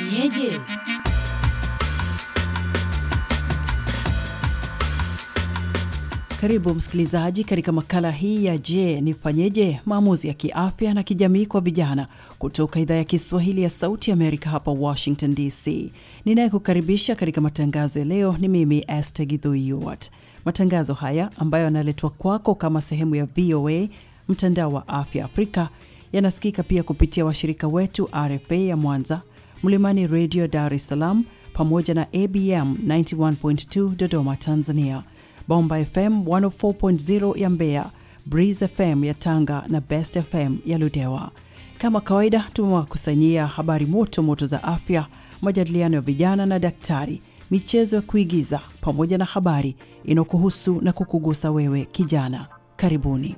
Fanyeje. Karibu msikilizaji katika makala hii ya Je, nifanyeje? Maamuzi ya kiafya na kijamii kwa vijana kutoka idhaa ya Kiswahili ya Sauti ya Amerika hapa Washington DC. Ninayekukaribisha katika matangazo ya leo ni mimi Esther Githuiwat. Matangazo haya ambayo yanaletwa kwako kama sehemu ya VOA mtandao wa afya Afrika yanasikika pia kupitia washirika wetu RFA ya Mwanza, Mlimani Radio Dar es Salaam pamoja na ABM 91.2 Dodoma Tanzania, Bomba FM 104.0 ya Mbeya, Breeze FM ya Tanga na Best FM ya Ludewa. Kama kawaida, tumewakusanyia habari moto moto za afya, majadiliano ya vijana na daktari, michezo ya kuigiza pamoja na habari inayokuhusu na kukugusa wewe kijana. Karibuni.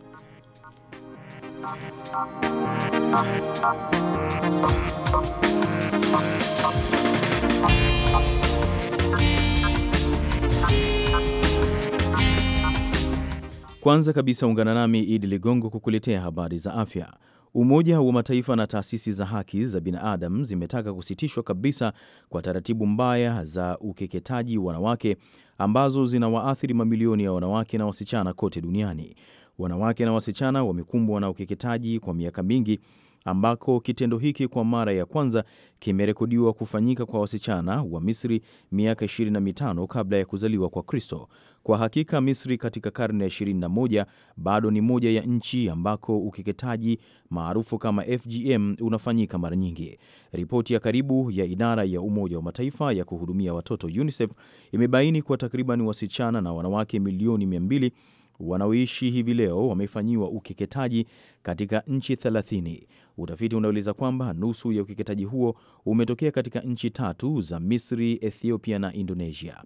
Kwanza kabisa ungana nami Idi Ligongo kukuletea habari za afya. Umoja wa Mataifa na taasisi za haki za binadamu zimetaka kusitishwa kabisa kwa taratibu mbaya za ukeketaji wanawake ambazo zinawaathiri mamilioni ya wanawake na wasichana kote duniani. Wanawake na wasichana wamekumbwa na ukeketaji kwa miaka mingi ambako kitendo hiki kwa mara ya kwanza kimerekodiwa kufanyika kwa wasichana wa Misri miaka 25 kabla ya kuzaliwa kwa Kristo. Kwa hakika Misri katika karne ya 21 bado ni moja ya nchi ambako ukeketaji maarufu kama FGM unafanyika mara nyingi. Ripoti ya karibu ya idara ya Umoja wa Mataifa ya kuhudumia watoto UNICEF imebaini kuwa takriban wasichana na wanawake milioni 200 wanaoishi hivi leo wamefanyiwa ukeketaji katika nchi 30. Utafiti unaeleza kwamba nusu ya ukeketaji huo umetokea katika nchi tatu za Misri, Ethiopia na Indonesia.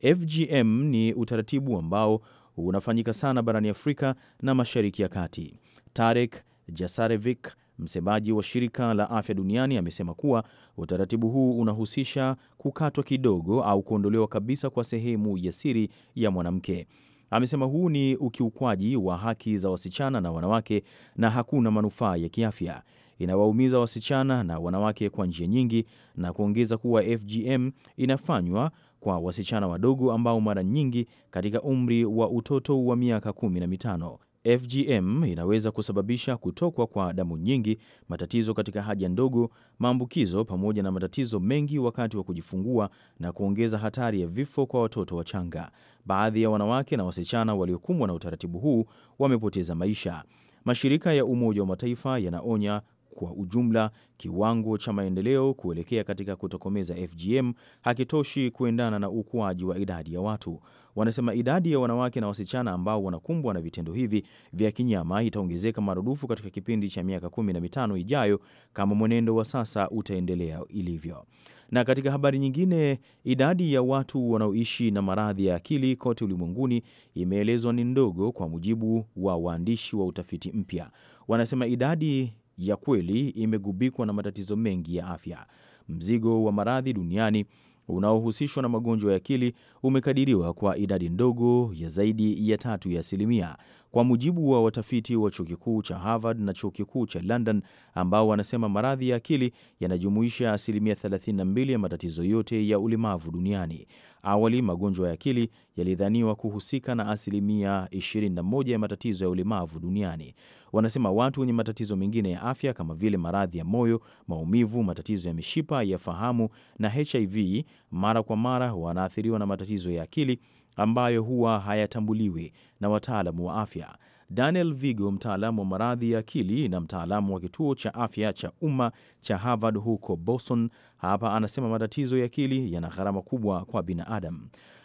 FGM ni utaratibu ambao unafanyika sana barani Afrika na Mashariki ya Kati. Tarek Jasarevic msemaji wa shirika la afya duniani amesema kuwa utaratibu huu unahusisha kukatwa kidogo au kuondolewa kabisa kwa sehemu ya siri ya mwanamke. Amesema huu ni ukiukwaji wa haki za wasichana na wanawake na hakuna manufaa ya kiafya inawaumiza wasichana na wanawake kwa njia nyingi, na kuongeza kuwa FGM inafanywa kwa wasichana wadogo ambao mara nyingi katika umri wa utoto wa miaka kumi na mitano. FGM inaweza kusababisha kutokwa kwa damu nyingi, matatizo katika haja ndogo, maambukizo pamoja na matatizo mengi wakati wa kujifungua na kuongeza hatari ya vifo kwa watoto wachanga. Baadhi ya wanawake na wasichana waliokumbwa na utaratibu huu wamepoteza maisha. Mashirika ya Umoja wa Mataifa yanaonya kwa ujumla, kiwango cha maendeleo kuelekea katika kutokomeza FGM hakitoshi kuendana na ukuaji wa idadi ya watu. Wanasema idadi ya wanawake na wasichana ambao wanakumbwa na vitendo hivi vya kinyama itaongezeka marudufu katika kipindi cha miaka kumi na mitano ijayo kama mwenendo wa sasa utaendelea ilivyo. Na katika habari nyingine, idadi ya watu wanaoishi na maradhi ya akili kote ulimwenguni imeelezwa ni ndogo, kwa mujibu wa waandishi wa utafiti mpya. Wanasema idadi ya kweli imegubikwa na matatizo mengi ya afya. Mzigo wa maradhi duniani unaohusishwa na magonjwa ya akili umekadiriwa kwa idadi ndogo ya zaidi ya tatu ya asilimia, kwa mujibu wa watafiti wa chuo kikuu cha Harvard na chuo kikuu cha London, ambao wanasema maradhi ya akili yanajumuisha asilimia 32 ya matatizo yote ya ulemavu duniani. Awali magonjwa ya akili yalidhaniwa kuhusika na asilimia 21 ya matatizo ya ulemavu duniani. Wanasema watu wenye matatizo mengine ya afya kama vile maradhi ya moyo, maumivu, matatizo ya mishipa ya fahamu na HIV mara kwa mara wanaathiriwa na matatizo ya akili ambayo huwa hayatambuliwi na wataalamu wa afya. Daniel Vigo, mtaalamu wa maradhi ya akili na mtaalamu wa kituo cha afya cha umma cha Harvard huko Boston, hapa anasema matatizo ya akili yana gharama kubwa kwa binadamu.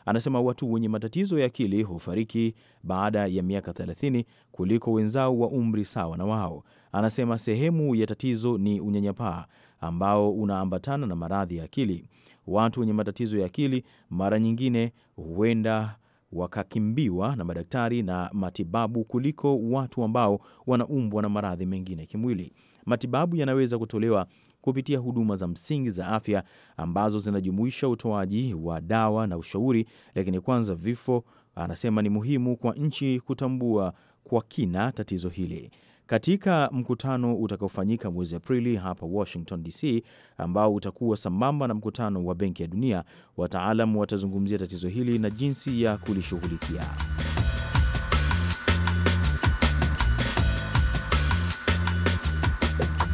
Anasema watu wenye matatizo ya akili hufariki baada ya miaka 30 kuliko wenzao wa umri sawa na wao. Anasema sehemu ya tatizo ni unyanyapaa ambao unaambatana na maradhi ya akili. Watu wenye matatizo ya akili mara nyingine huenda wakakimbiwa na madaktari na matibabu kuliko watu ambao wanaumbwa na maradhi mengine kimwili. Matibabu yanaweza kutolewa kupitia huduma za msingi za afya ambazo zinajumuisha utoaji wa dawa na ushauri. Lakini kwanza vifo, anasema ni muhimu kwa nchi kutambua kwa kina tatizo hili. Katika mkutano utakaofanyika mwezi Aprili hapa Washington DC, ambao utakuwa sambamba na mkutano wa Benki ya Dunia, wataalam watazungumzia tatizo hili na jinsi ya kulishughulikia.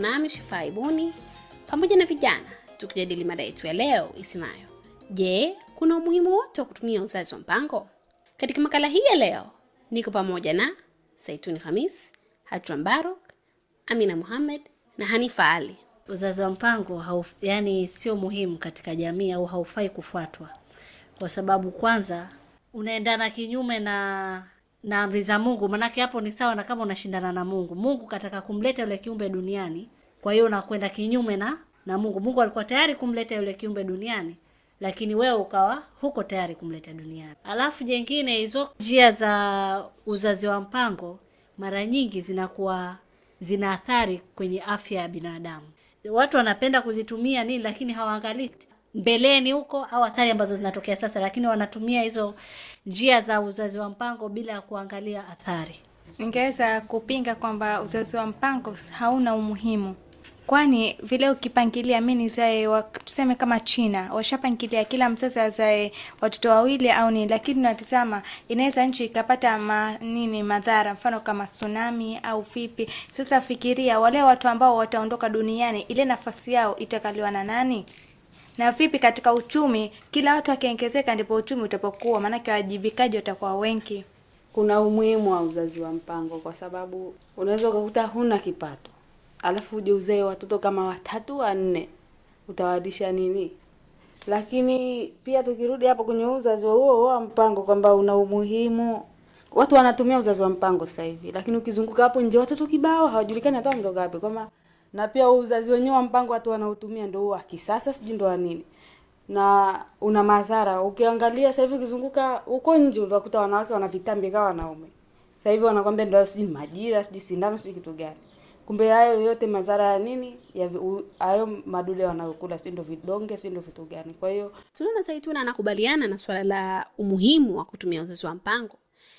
nami shifa Ibuni pamoja na vijana tukijadili mada yetu ya leo isimayo, je, kuna umuhimu wote wa kutumia uzazi wa mpango? Katika makala hii ya leo niko pamoja na Saituni Hamis, Hajra Amina Mohamed na Hanifa Ali. Uzazi wa mpango hauf, yani sio muhimu katika jamii au haufai kufuatwa kwa sababu kwanza unaendana kinyume na na amri za Mungu, manake hapo ni sawa na kama unashindana na Mungu. Mungu kataka kumleta yule kiumbe duniani, kwa hiyo unakwenda kinyume na na Mungu. Mungu alikuwa tayari kumleta yule kiumbe duniani, lakini wewe ukawa huko tayari kumleta duniani. Alafu jengine, hizo njia za uzazi wa mpango mara nyingi zinakuwa zina athari kwenye afya ya binadamu. Watu wanapenda kuzitumia nini, lakini hawaangalii mbeleni huko au athari ambazo zinatokea sasa, lakini wanatumia hizo njia za uzazi wa mpango bila ya kuangalia athari. Ningeweza kupinga kwamba uzazi wa mpango hauna umuhimu, kwani vile ukipangilia, mi nizae, tuseme kama China washapangilia kila mzazi azae watoto wawili au nini, lakini natizama, inaweza nchi ikapata ma, nini madhara, mfano kama tsunami au vipi. Sasa fikiria wale watu ambao wataondoka duniani, ile nafasi yao itakaliwa na nani? na vipi katika uchumi, kila watu akiongezeka ndipo uchumi utapokuwa, maanake wajibikaji watakuwa wengi. Kuna umuhimu wa uzazi wa mpango kwa sababu unaweza ukakuta huna kipato alafu uje uzee watoto kama watatu wanne, utawadisha nini? Lakini pia tukirudi hapo kwenye uzazi huo wa mpango kwamba una umuhimu, watu wanatumia uzazi wa mpango sasa hivi, lakini ukizunguka hapo nje watoto kibao hawajulikani hata mtoka wapi, kwamba na pia uzazi wenyewe wa mpango watu wanaotumia ndio wa kisasa, sijui ndio nini, na una madhara. Ukiangalia sasa hivi ukizunguka huko nje utakuta wanawake wana vitambi kama wanaume. Sasa hivi wanakwambia ndio sijui majira, sijui sindano, sijui kitu gani. Kumbe hayo yote madhara ya nini? Ya hayo madule wanayokula, sio ndio vidonge, sio ndio vitu gani? Kwa hiyo tunaona Zaituna anakubaliana na swala la umuhimu wa kutumia uzazi wa mpango,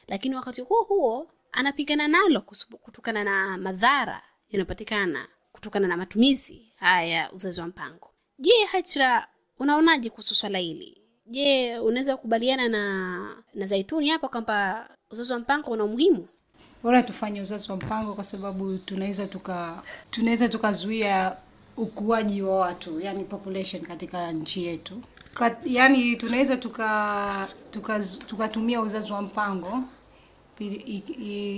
lakini wakati huo huo anapigana nalo kutokana na madhara yanayopatikana kutokana na matumizi haya ya uzazi wa mpango. Je, hachra unaonaje kuhusu swala hili? Je, unaweza kukubaliana na na Zaituni hapa kwamba uzazi wa mpango una umuhimu? Bora tufanye uzazi wa mpango kwa sababu tunaweza tuka tunaweza tukazuia ukuaji wa watu yani population katika nchi yetu Kat, yani tunaweza tuka tukatumia tuka uzazi wa mpango ili,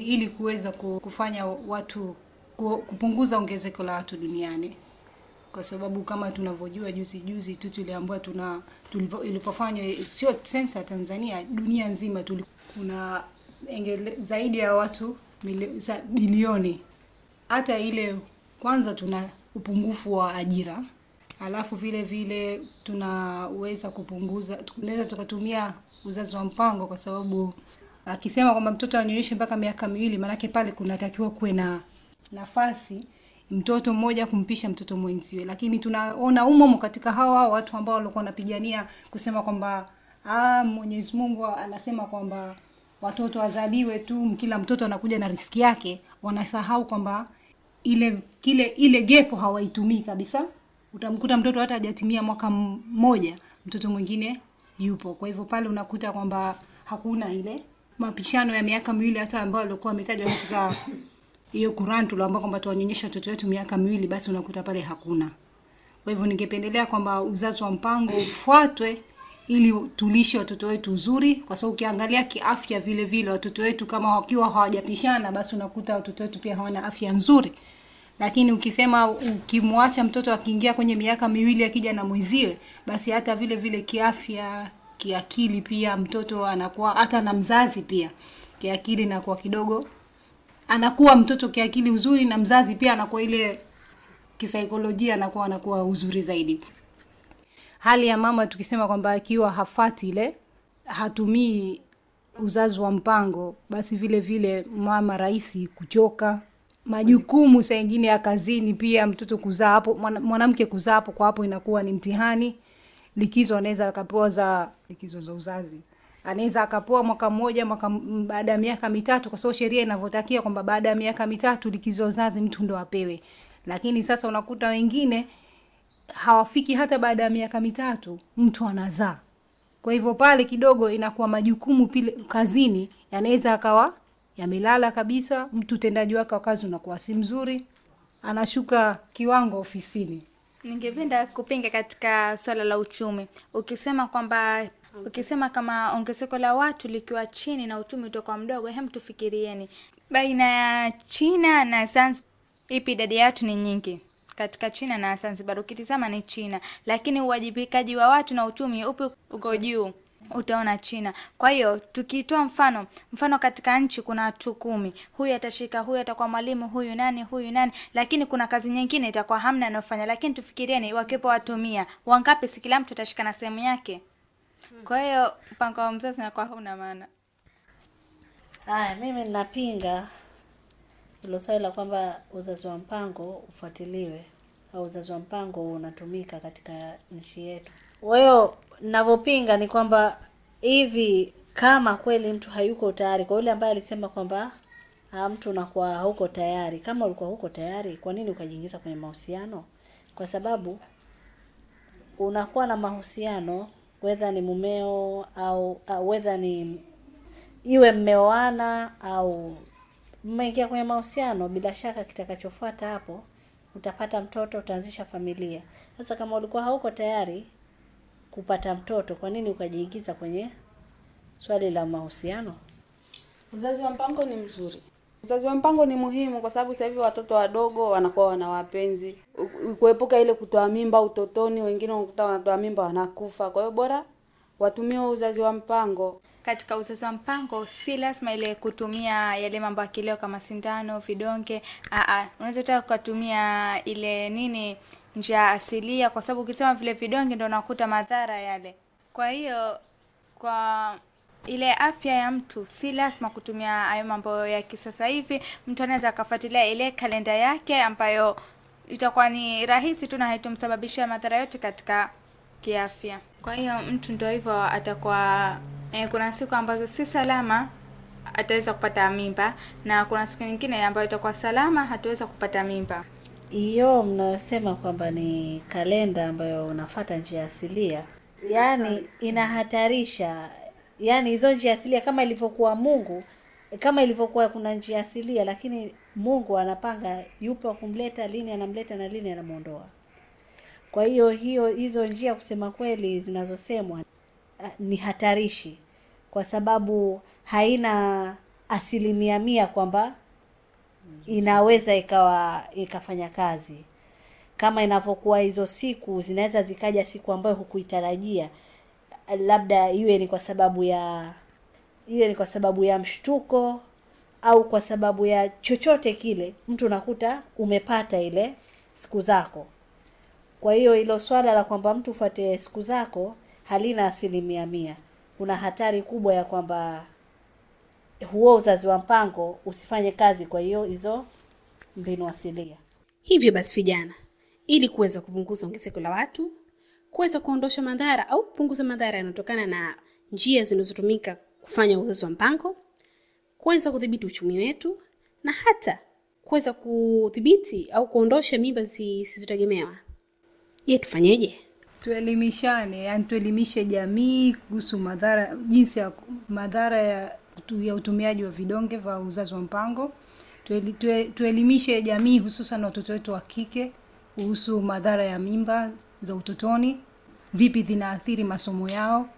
ili kuweza kufanya watu kupunguza ongezeko la watu duniani, kwa sababu kama tunavyojua, juzi juzi tu tuliambua tuna ilipofanywa sio sensa Tanzania, dunia nzima kuna zaidi ya watu bilioni. Hata ile kwanza, tuna upungufu wa ajira, alafu vile vile tunaweza kupunguza, tunaweza tukatumia uzazi wa mpango, kwa sababu akisema kwamba mtoto anyonyeshe mpaka miaka miwili, maanake pale kunatakiwa kuwe na nafasi mtoto mmoja kumpisha mtoto mwenziwe, lakini tunaona umomo katika hawa watu ambao walikuwa wanapigania kusema kwamba ah, Mwenyezi Mungu anasema kwamba watoto wazaliwe tu, kila mtoto anakuja na riski yake. Wanasahau kwamba ile kile ile gepo hawaitumii kabisa. Utamkuta mtoto hata hajatimia mwaka mmoja, mtoto mwingine yupo. Kwa hivyo pale unakuta kwamba hakuna ile mapishano ya miaka miwili hata ambao alikuwa ametajwa katika hiyo Qur'an tuliambiwa kwamba tuwanyonyeshe watoto wetu miaka miwili, basi unakuta pale hakuna. Kwa hivyo ningependelea kwamba uzazi wa mpango ufuatwe ili tulishe watoto wetu uzuri, kwa sababu ukiangalia kiafya vile vile watoto wetu kama wakiwa hawajapishana, basi unakuta watoto wetu pia hawana afya nzuri. Lakini ukisema ukimwacha mtoto akiingia kwenye miaka miwili akija na mwiziwe, basi hata vile vile kiafya, kiakili pia mtoto anakuwa hata na mzazi pia kiakili na kwa kidogo anakuwa mtoto kiakili uzuri, na mzazi pia anakuwa ile kisaikolojia anakuwa anakuwa uzuri zaidi. Hali ya mama tukisema kwamba akiwa hafati ile hatumii uzazi wa mpango, basi vile vile mama rahisi kuchoka majukumu saa ingine ya kazini, pia mtoto kuzaa hapo, mwanamke kuzaa hapo kwa hapo inakuwa ni mtihani. Likizo anaweza akapewa za likizo za uzazi anaweza akapoa mwaka mmoja mwaka baada ya miaka mitatu, kwa sababu sheria inavyotakia kwamba baada ya miaka mitatu likizo uzazi mtu ndo apewe. Lakini sasa unakuta wengine hawafiki hata baada ya miaka mitatu, mtu anazaa. Kwa hivyo pale kidogo inakuwa majukumu pile kazini yanaweza akawa yamelala kabisa, mtu utendaji wake wa kazi unakuwa si mzuri, anashuka kiwango ofisini. Ningependa kupinga katika swala la uchumi, ukisema kwamba Ukisema kama ongezeko la watu likiwa chini na uchumi utakuwa mdogo, hem, tufikirieni baina ya China na Zanzibar, ipi idadi ya watu ni nyingi katika China na Zanzibar? Ukitizama ni China, lakini uwajibikaji wa watu na uchumi upi uko juu? Utaona China. Kwa hiyo tukitoa mfano, mfano katika nchi kuna watu kumi, huyu atashika, huyu atakuwa mwalimu, huyu nani, huyu nani, lakini kuna kazi nyingine itakuwa hamna anayofanya. Lakini tufikirieni, wakiwepo watumia wangapi? Si kila mtu atashika na sehemu yake. Kwa hiyo mpango wa mzazi unakuwa hauna maana. Haya, mimi ninapinga hilo swali la kwamba uzazi wa mpango ufuatiliwe au uzazi wa mpango unatumika katika nchi yetu. Kwa hiyo ninavyopinga ni kwamba hivi kama kweli mtu hayuko tayari, kwa yule ambaye alisema kwamba ah, mtu unakuwa huko tayari, kama ulikuwa huko tayari, kwa nini ukajiingiza kwenye mahusiano? Kwa sababu unakuwa na mahusiano wedha ni mumeo au uh, ni iwe mmeoana au mmeingia kwenye mahusiano, bila shaka kitakachofuata hapo utapata mtoto, utaanzisha familia. Sasa kama ulikuwa hauko tayari kupata mtoto, kwa nini ukajiingiza kwenye swali la mahusiano? Uzazi wa mpango ni mzuri, Uzazi wa mpango ni muhimu kwa sababu sasa hivi watoto wadogo wanakuwa wana wapenzi, kuepuka ile kutoa mimba utotoni. Wengine wanakuta wanatoa mimba wanakufa. Kwa hiyo bora watumie uzazi wa mpango. Katika uzazi wa mpango si lazima ile kutumia yale mambo ya kileo kama sindano, vidonge. Unaweza taka ukatumia ile nini, njia asilia, kwa sababu ukisema vile vidonge ndo unakuta madhara yale. Kwa hiyo kwa ile afya ya mtu, si lazima kutumia hayo mambo ya kisasa hivi. Mtu anaweza akafuatilia ile kalenda yake ambayo itakuwa ni rahisi tu na haitumsababishia madhara yote katika kiafya. Kwa hiyo mtu ndio hivyo atakuwa eh, kuna siku ambazo si salama ataweza kupata mimba na kuna siku nyingine ambayo itakuwa salama hataweza kupata mimba. Hiyo mnayosema kwamba ni kalenda ambayo unafata njia asilia, yaani inahatarisha yani hizo njia asilia kama ilivyokuwa Mungu kama ilivyokuwa kuna njia asilia, lakini Mungu anapanga yupo wa kumleta lini, anamleta na lini anamuondoa. Kwa hiyo hiyo hizo njia kusema kweli zinazosemwa eh, ni hatarishi, kwa sababu haina asilimia mia kwamba inaweza ikawa ikafanya kazi kama inavyokuwa. Hizo siku zinaweza zikaja siku ambayo hukuitarajia labda iwe ni kwa sababu ya iwe ni kwa sababu ya mshtuko au kwa sababu ya chochote kile, mtu unakuta umepata ile siku zako. Kwa hiyo ilo swala la kwamba mtu ufuate siku zako halina asilimia mia. Kuna hatari kubwa ya kwamba huo uzazi wa mpango usifanye kazi, kwa hiyo hizo mbinu asilia. Hivyo basi, vijana, ili kuweza kupunguza ongezeko la watu kuweza kuondosha madhara au kupunguza madhara yanayotokana na njia zinazotumika kufanya uzazi wa mpango, kuweza kudhibiti uchumi wetu na hata kuweza kudhibiti au kuondosha mimba zisizotegemewa. Je, tufanyeje? Tuelimishane, yani tuelimishe jamii kuhusu madhara, jinsi ya madhara ya, ya utumiaji wa vidonge vya uzazi wa mpango. Tuelimishe jamii, hususan watoto wetu wa kike kuhusu madhara ya mimba za utotoni, vipi zinaathiri masomo yao,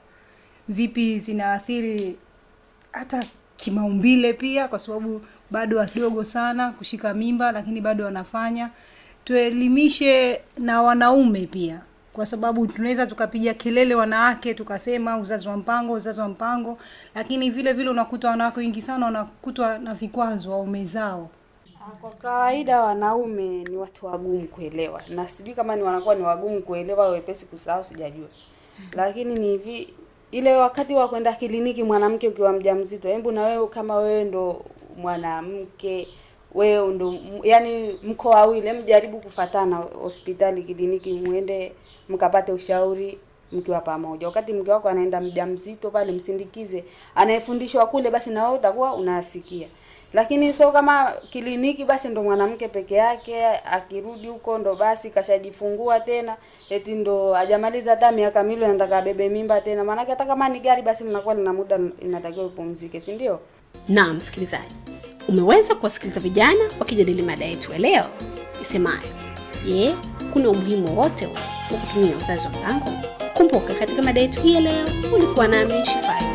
vipi zinaathiri hata kimaumbile pia, kwa sababu bado wadogo sana kushika mimba, lakini bado wanafanya. Tuelimishe na wanaume pia, kwa sababu tunaweza tukapiga kelele wanawake tukasema uzazi wa mpango, uzazi wa mpango, lakini vile vile unakuta wanawake wengi sana wanakutwa na vikwazo waume zao Ah, kwa kawaida wanaume ni watu wagumu kuelewa, na sijui kama ni wanakuwa ni wagumu kuelewa, wepesi kusahau, sijajua. Lakini ni hivi, ile wakati wa kwenda kliniki, mwanamke ukiwa mjamzito, hebu na wewe kama wewe ndo mwanamke wewe ndo yani, mko wawili, mjaribu kufatana hospitali, kliniki, muende mkapate ushauri mkiwa pamoja. Wakati mke wako anaenda mjamzito pale, msindikize, anayefundishwa kule, basi na wewe utakuwa unasikia lakini sio kama kliniki basi ndo mwanamke peke yake, akirudi huko ndo basi kashajifungua tena, eti ndo ajamaliza hata miaka milo anataka abebe mimba tena. Maanake hata kama ni gari basi linakuwa lina muda inatakiwa upumzike, si ndio? Naam, msikilizaji, umeweza kuwasikiliza vijana wakijadili mada yetu ya leo isemayo, je, kuna umuhimu wowote wa kutumia uzazi wa mpango? Kumbuka katika mada yetu hii ya leo ulikuwa nami Shifai.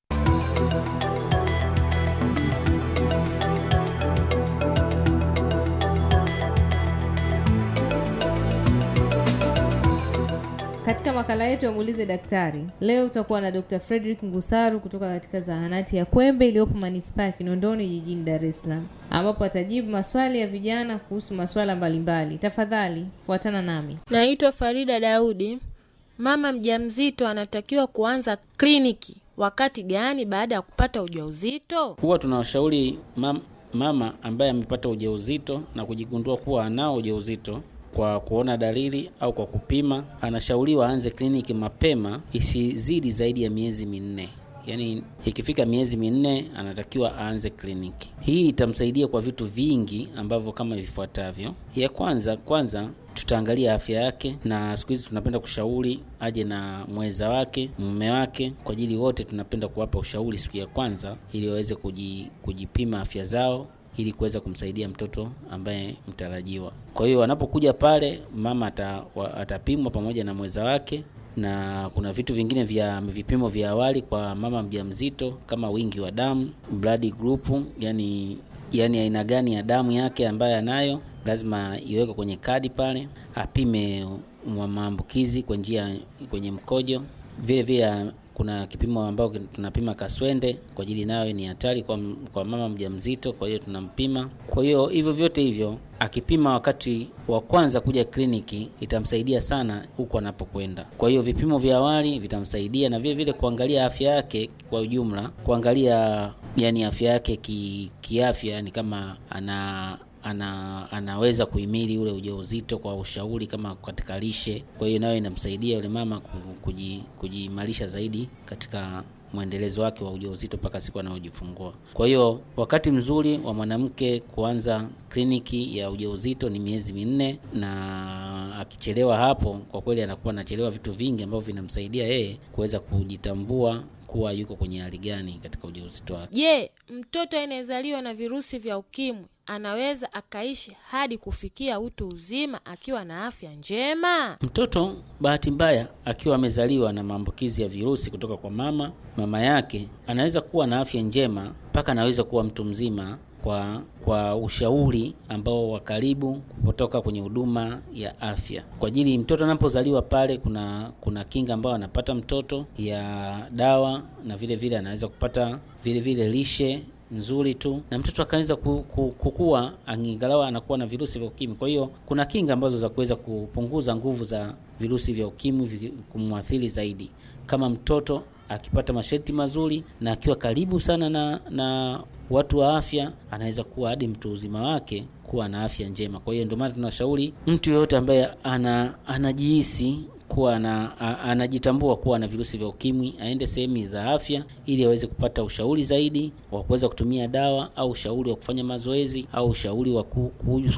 Katika makala yetu ya muulize daktari, leo tutakuwa na Dr. Frederick Ngusaru kutoka katika zahanati ya Kwembe iliyopo manispaa ya Kinondoni jijini Dar es Salaam, ambapo atajibu maswali ya vijana kuhusu masuala mbalimbali. Tafadhali fuatana nami. Naitwa Farida Daudi. Mama mjamzito anatakiwa kuanza kliniki wakati gani baada ya kupata ujauzito? Huwa tunawashauri mama ambaye amepata ujauzito na kujigundua kuwa anao ujauzito kwa kuona dalili au kwa kupima, anashauriwa aanze kliniki mapema, isizidi zaidi ya miezi minne. Yaani ikifika miezi minne anatakiwa aanze kliniki. Hii itamsaidia kwa vitu vingi ambavyo kama vifuatavyo. Ya kwanza kwanza tutaangalia afya yake, na siku hizi tunapenda kushauri aje na mweza wake, mume wake, kwa ajili wote tunapenda kuwapa ushauri siku ya kwanza, ili waweze kujipima afya zao ili kuweza kumsaidia mtoto ambaye mtarajiwa. Kwa hiyo wanapokuja pale, mama atapimwa pamoja na mweza wake, na kuna vitu vingine vya vipimo vya awali kwa mama mjamzito kama wingi wa damu, blood group, yani yani aina gani ya damu yake ambayo anayo, lazima iwekwe kwenye kadi pale, apime maambukizi kwa njia kwenye mkojo, vile vile kuna kipimo ambao tunapima kaswende kwa ajili nayo ni hatari kwa, kwa mama mjamzito, kwa hiyo tunampima. Kwa hiyo hivyo vyote hivyo akipima wakati wa kwanza kuja kliniki itamsaidia sana huko anapokwenda. Kwa hiyo vipimo vya awali vitamsaidia na vile vile kuangalia afya yake kwa ujumla, kuangalia yani afya yake ki, kiafya yani kama ana ana, anaweza kuhimili ule ujauzito kwa ushauri kama katika lishe. Kwa hiyo nayo inamsaidia yule mama kujiimarisha zaidi katika mwendelezo wake wa ujauzito mpaka siku anayojifungua. Kwa hiyo wakati mzuri wa mwanamke kuanza kliniki ya ujauzito ni miezi minne, na akichelewa hapo, kwa kweli anakuwa anachelewa vitu vingi ambavyo vinamsaidia yeye kuweza kujitambua kuwa yuko kwenye hali gani katika ujauzito wake. Je, mtoto anayezaliwa na virusi vya ukimwi anaweza akaishi hadi kufikia utu uzima akiwa na afya njema? Mtoto bahati mbaya akiwa amezaliwa na maambukizi ya virusi kutoka kwa mama mama yake, anaweza kuwa na afya njema mpaka anaweza kuwa mtu mzima kwa, kwa ushauri ambao wa karibu kutoka kwenye huduma ya afya kwa ajili mtoto anapozaliwa pale, kuna kuna kinga ambayo anapata mtoto ya dawa, na vile vile anaweza kupata vile vile lishe nzuri tu na mtoto akaweza kukua, angalau anakuwa na virusi vya ukimwi. Kwa hiyo kuna kinga ambazo za kuweza kupunguza nguvu za virusi vya ukimwi kumwathiri zaidi, kama mtoto akipata masharti mazuri na akiwa karibu sana na, na watu wa afya, anaweza kuwa hadi mtu uzima wake kuwa na afya njema. Kwa hiyo ndio maana tunashauri mtu yeyote ambaye ana anajihisi kuwa na, a, anajitambua kuwa na virusi vya ukimwi aende sehemu za afya ili aweze kupata ushauri zaidi wa kuweza kutumia dawa au ushauri wa kufanya mazoezi au ushauri wa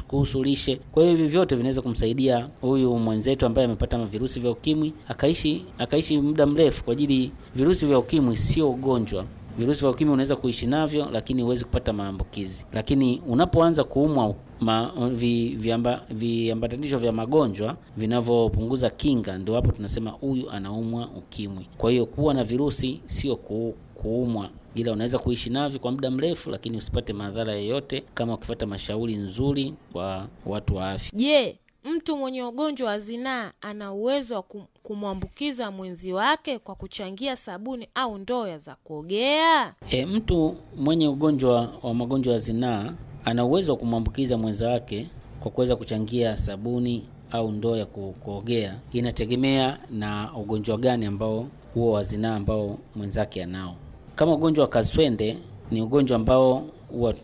kuhusu lishe. Kwa hiyo hivi vyote vinaweza kumsaidia huyu mwenzetu ambaye amepata virusi vya ukimwi akaishi akaishi muda mrefu, kwa ajili virusi vya ukimwi sio ugonjwa virusi vya ukimwi unaweza kuishi navyo, lakini huwezi kupata maambukizi. Lakini unapoanza kuumwa ma, vi, viamba, viambatanisho vya magonjwa vinavyopunguza kinga, ndio hapo tunasema huyu anaumwa ukimwi. Kwa hiyo kuwa na virusi sio ku, kuumwa ila unaweza kuishi navyo kwa muda mrefu, lakini usipate madhara yoyote kama ukifata mashauri nzuri kwa watu wa afya. Je, yeah mtu mwenye ugonjwa wa zinaa ana uwezo wa kumwambukiza mwenzi wake kwa kuchangia sabuni au ndoo za kuogea? E, mtu mwenye ugonjwa wa magonjwa ya zinaa ana uwezo wa kumwambukiza mwenza wake kwa kuweza kuchangia sabuni au ndoo ya kuogea. Inategemea na ugonjwa gani ambao huo wa zinaa ambao mwenzake anao. Kama ugonjwa wa kaswende ni ugonjwa ambao huwa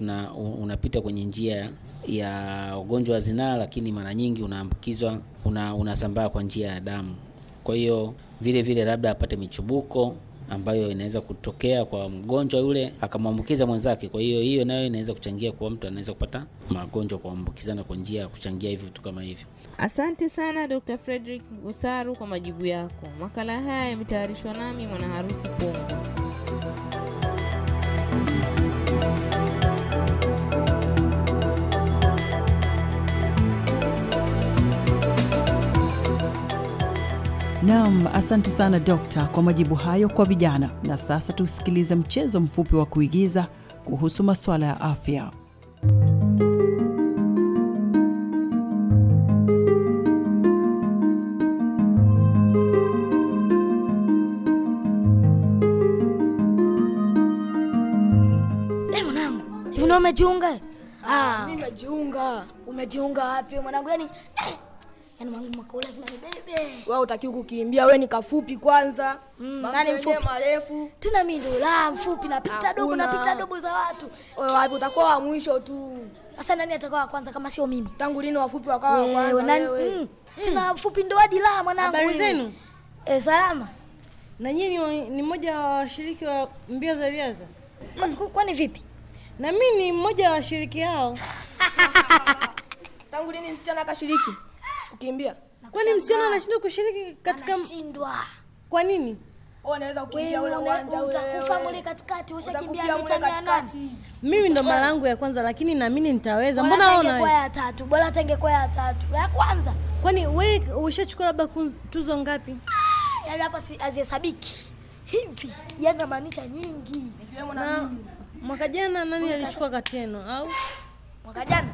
unapita kwenye njia ya ugonjwa wa zinaa, lakini mara nyingi unaambukizwa una, unasambaa kwa njia ya damu. Kwa hiyo vile vile labda apate michubuko ambayo inaweza kutokea kwa mgonjwa yule akamwambukiza mwenzake. Kwa hiyo hiyo nayo inaweza kuchangia kuwa mtu anaweza kupata magonjwa kuambukizana kwa njia ya kuchangia hivyo vitu kama hivyo. Asante sana Dr. Frederick Gusaru kwa majibu yako. Makala haya yametayarishwa nami mwana harusi Pongo. Nam, asante sana dokta kwa majibu hayo kwa vijana. Na sasa tusikilize mchezo mfupi wa kuigiza kuhusu masuala ya afya. Eh, mwanangu, umejiunga? Ah. Umejiunga wapi mwanangu? Yani eh yani mwangu makao lazima nibebe. Wewe utaki kukimbia, wewe ni kafupi kwanza. Mm, nani mfupi? Marefu. Tena mimi ndo la mfupi napita dogo napita dogo za watu. Wewe wapi utakuwa wa mwisho tu. Sasa nani atakuwa wa kwanza kama sio mimi? Tangu lini wafupi wakawa wa kwanza nani? wewe? Mm, mm. tena mfupi ndo hadi la mwanangu. Habari zenu? Eh, salama. Na nyinyi ni mmoja wa washiriki wa mbio za riadha? Mm. Kwani vipi? Na mimi ni mmoja wa washiriki hao. Tangu lini msichana akashiriki? kukimbia. Kwani msichana anashindwa kushiriki katika? Anashindwa. Kwa nini? Oh, mimi ndo mara yangu ya kwanza, lakini naamini nitaweza. Mbona wewe ya tatu? Bora hata kwa ya tatu ya kwanza. Kwani wewe ushachukua labda tuzo ngapi? Ah, yaani hapa si, azihesabiki hivi, yana maanisha nyingi. Mwaka jana nani alichukua kateno au mwaka jana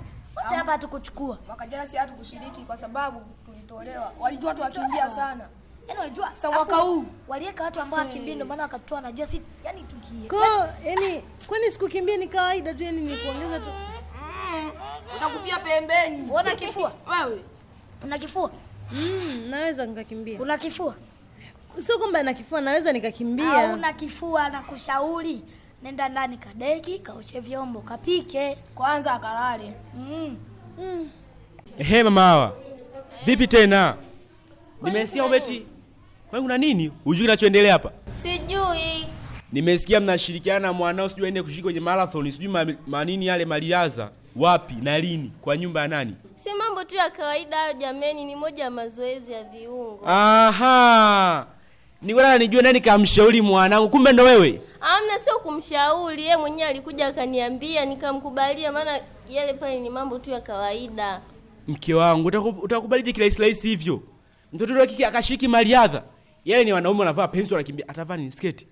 hata hapa hatukuchukua. Mwaka jana si hatukushiriki kwa sababu tulitolewa, walijua watu wakimbia sana. Yaani unajua sasa mwaka huu waliweka watu ambao wakimbia ndio maana wakatoa, najua si yani tukie. Kwa yani kwani sikukimbia ni kawaida tu yani ni kuongeza tu. Utakufia pembeni. Unaona kifua? Wewe. Una kifua? Mm, naweza nikakimbia. Una kifua? Sio kwamba na kifua, naweza nikakimbia. Au una kifua, na kushauri nenda ndani kadeki, kaoche vyombo, kapike kwanza, akalale. mm. mm. Ehe, mama hawa vipi tena? Nimesikia ubeti, kwani kuna nini? Hujui kinachoendelea hapa? Sijui. Nimesikia mnashirikiana na mwanao, sijui aende kushiriki kwenye marathon, sijui manini yale maliaza, wapi na lini, kwa nyumba ya nani? Si mambo tu ya kawaida hayo jameni, ni moja ya mazoezi ya viungo. Aha, nikwenda nijue nani kamshauri mwanangu, kumbe ndo wewe. Amna, sio kumshauri, yeye mwenyewe alikuja akaniambia nikamkubalia, maana yale pale ni mambo tu ya kawaida. Mke wangu, utakubalije kilahisirahisi hivyo? Mtoto wa kike akashiriki maliadha, yale ni wanaume wanavaa pensi, wanakimbia. Atavaa ni sketi,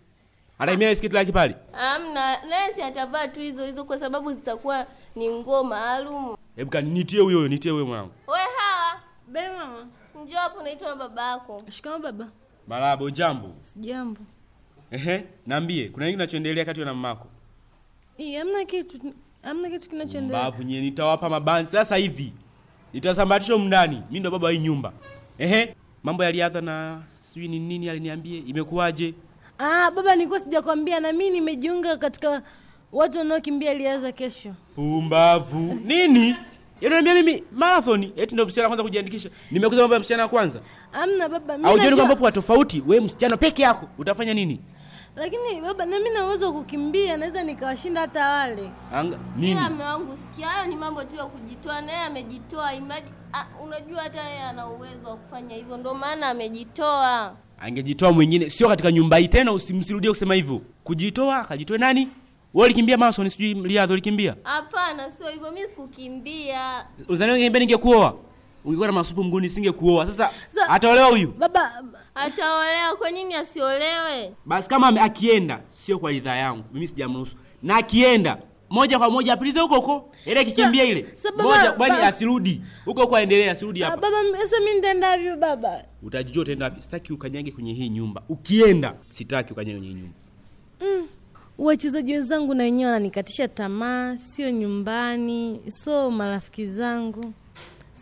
Anaimia ile sketi lake pale. Amna, naye si atavaa tu hizo hizo, kwa sababu zitakuwa ni nguo maalum. Hebu kanitie huyo huyo, nitie huyo mwanangu. We hawa be, mama, njoo hapo, naitwa na baba yako. Shikamoo baba. Marahaba, jambo. Sijambo. Ehe, naambie, kuna nini kinachoendelea kati ya mama yako? Eh, hamna kitu. Hamna kitu kinachoendelea. Mbavu nyewe nitawapa mabanzi sasa hivi. Nitasambatisha mndani. Mimi ndo baba wa hii nyumba. Ehe, mambo yalianza na sijui ni nini aliniambie, imekuwaje? Ah, baba nilikuwa sijakwambia na mimi nimejiunga katika watu wanaokimbia liaza kesho. Pumbavu. Nini? Unaniambia mimi marathon eti ndio msichana kwanza kujiandikisha. Nimekuza mambo ya msichana kwanza. Hamna baba, mimi. Haujui kwamba kwa tofauti, wewe msichana peke yako utafanya nini? lakini baba, nami na uwezo kukimbia, naweza nikawashinda hata wale. Ila mume wangu, sikia, hayo ni mambo tu ya kujitoa, naye amejitoa, imradi unajua, hata yeye ana uwezo wa kufanya hivyo, ndio maana amejitoa. Angejitoa mwingine, sio katika nyumba hii tena. Usimsirudie kusema hivyo, kujitoa akajitoe nani? Wewe ulikimbia Mason, sijui Riadha ulikimbia? Hapana, sio hivyo, mimi sikukimbia. Uzani ungeniambia ningekuoa ungekuwa na masupu mguuni singekuoa. Sasa so, ataolewa huyu baba, ataolewa. Kwa nini asiolewe? Basi kama akienda sio kwa ridhaa yangu, mimi sijamruhusu, na akienda moja kwa moja apilize huko huko, ile kikimbia ile moja, kwani asirudi huko huko, aendelee asirudi ah, hapa. Baba, sasa mimi nitaenda vipi? Baba, utajijua utaenda wapi. Sitaki ukanyage kwenye hii nyumba, ukienda sitaki ukanyage kwenye hii nyumba. Mm, wachezaji wenzangu na wenyewe wananikatisha tamaa, sio nyumbani, so marafiki zangu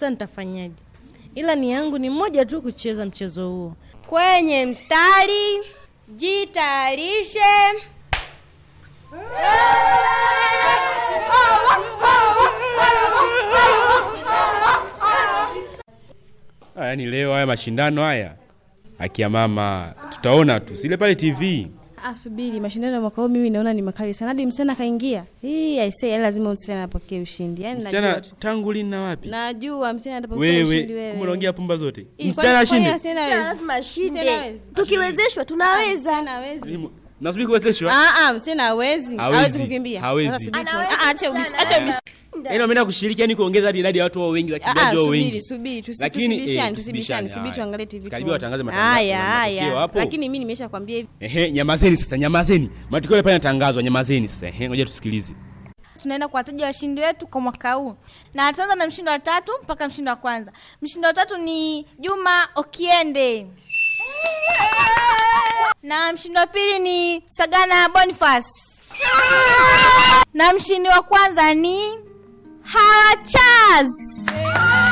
sasa nitafanyaje? Ila ni yangu ni moja tu kucheza mchezo huo. Kwenye mstari jitayarishe. Yaani leo haya mashindano haya, akia mama, tutaona tu sile pale TV. Ah, subiri mashindano ya mwaka huu mimi naona ni makali sana. Hadi msichana kaingia. Hii I say yaani lazima msichana apokee ushindi. Yaani najua. Msichana tangu lini na wapi? Najua msichana atapokea ushindi wewe. Wewe kama unaongea pumba zote. Msichana ashinde. Lazima ashinde. Tukiwezeshwa tunaweza. Tunaweza. Nasubiri Ah ah, Hawezi kukimbia. Hawezi. Ah, acha ubishi. Acha ubishi. Yaani kushiriki yani kuongeza idadi ya watu wao wengi ah, ah, wao wengi. Subiri, subiri. Eh, subiri tuangalie TV. watangaze matangazo. Lakini mimi nimeshakwambia hivi. Ehe, nyamazeni sasa, nyamazeni. matukio yale pale yanatangazwa, nyamazeni sasa. Ehe, ngoja tusikilize. Tunaenda kuwataja washindi wetu kwa mwaka huu, na tunaanza na mshindi wa tatu mpaka mshindi wa kwanza. Mshindi wa tatu ni Juma Okiende na mshindi wa pili ni Sagana Boniface na mshindi wa kwanza ni Yeah.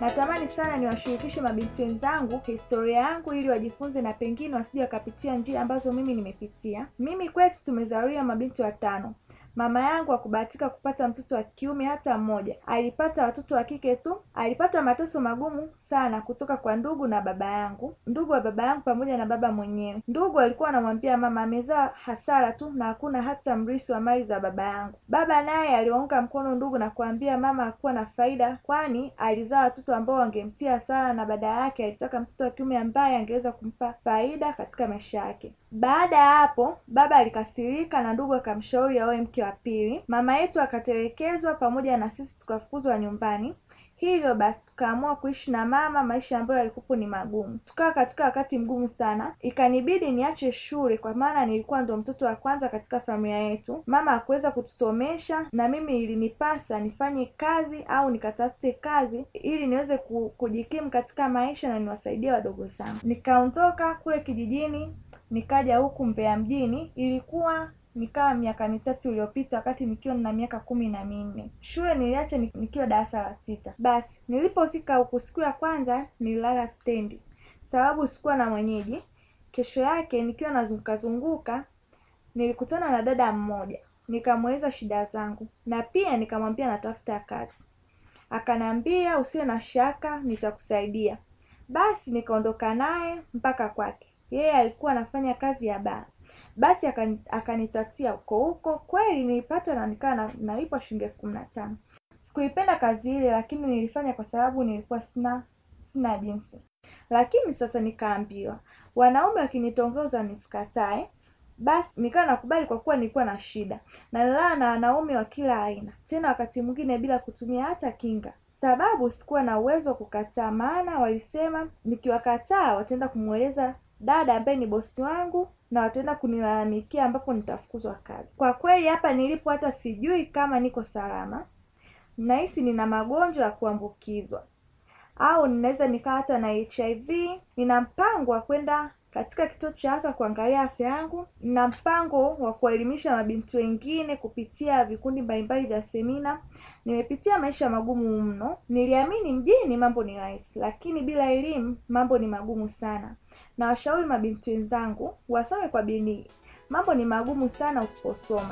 Natamani sana niwashirikishe mabinti wenzangu historia yangu ili wajifunze na pengine wasije wakapitia njia ambazo mimi nimepitia. Mimi kwetu tumezaliwa mabinti watano, Mama yangu hakubahatika kupata mtoto wa kiume hata mmoja, alipata watoto wa kike tu. Alipata mateso magumu sana kutoka kwa ndugu na baba yangu, ndugu wa baba yangu pamoja na baba mwenyewe. Ndugu alikuwa anamwambia mama amezaa hasara tu na hakuna hata mrisi wa mali za baba yangu. Baba naye aliwaunga mkono ndugu na kuambia mama hakuwa na faida, kwani alizaa watoto ambao wangemtia hasara, na baada yake alitaka mtoto wa kiume ambaye angeweza kumpa faida katika maisha yake. Baada ya hapo baba alikasirika na ndugu akamshauri aoe mke wa pili. Mama yetu akatelekezwa pamoja na sisi tukafukuzwa nyumbani. Hivyo basi tukaamua kuishi na mama, maisha ambayo yalikuwa ni magumu. Tukawa katika wakati mgumu sana, ikanibidi niache shule kwa maana nilikuwa ndo mtoto wa kwanza katika familia yetu. Mama hakuweza kutusomesha na mimi ilinipasa nifanye kazi au nikatafute kazi ili niweze kujikimu katika maisha na niwasaidie wadogo zangu. Nikaondoka kule kijijini nikaja huku Mbeya mjini. Ilikuwa nikawa miaka mitatu iliyopita, wakati nikiwa na miaka kumi na minne. Shule niliacha nikiwa darasa la sita. Basi nilipofika huku siku ya kwanza nililala stendi, sababu sikuwa na mwenyeji. Kesho yake nikiwa nazungukazunguka nilikutana na dada mmoja, nikamweleza shida zangu na pia nikamwambia natafuta kazi. akanaambia usiwe na shaka, nitakusaidia. Basi nikaondoka naye mpaka kwake yeye alikuwa anafanya kazi ya baa basi akanitatia huko huko kweli nilipata na nikawa nalipwa shilingi elfu kumi na tano sikuipenda kazi ile lakini nilifanya kwa sababu nilikuwa sina sina jinsi lakini sasa nikaambiwa wanaume wakinitongoza nisikatae basi nikawa nakubali kwa kuwa nilikuwa na shida nalala na wanaume wa kila aina tena wakati mwingine bila kutumia hata kinga sababu sikuwa na uwezo wa kukataa maana walisema nikiwakataa wataenda kumweleza dada ambaye ni bosi wangu na wataenda kunilalamikia ambapo nitafukuzwa kazi. Kwa kweli hapa nilipo hata sijui kama niko salama, nahisi nina magonjwa ya kuambukizwa au ninaweza nikawa hata na HIV. Nina mpango wa kwenda katika kituo cha afya kuangalia afya yangu. Nina mpango wa kuwaelimisha mabinti wengine kupitia vikundi mbalimbali vya semina. Nimepitia maisha magumu mno. Niliamini mjini mambo ni rahisi, lakini bila elimu mambo ni magumu sana. Nawashauri mabinti wenzangu wasome kwa bidii, mambo ni magumu sana usiposoma.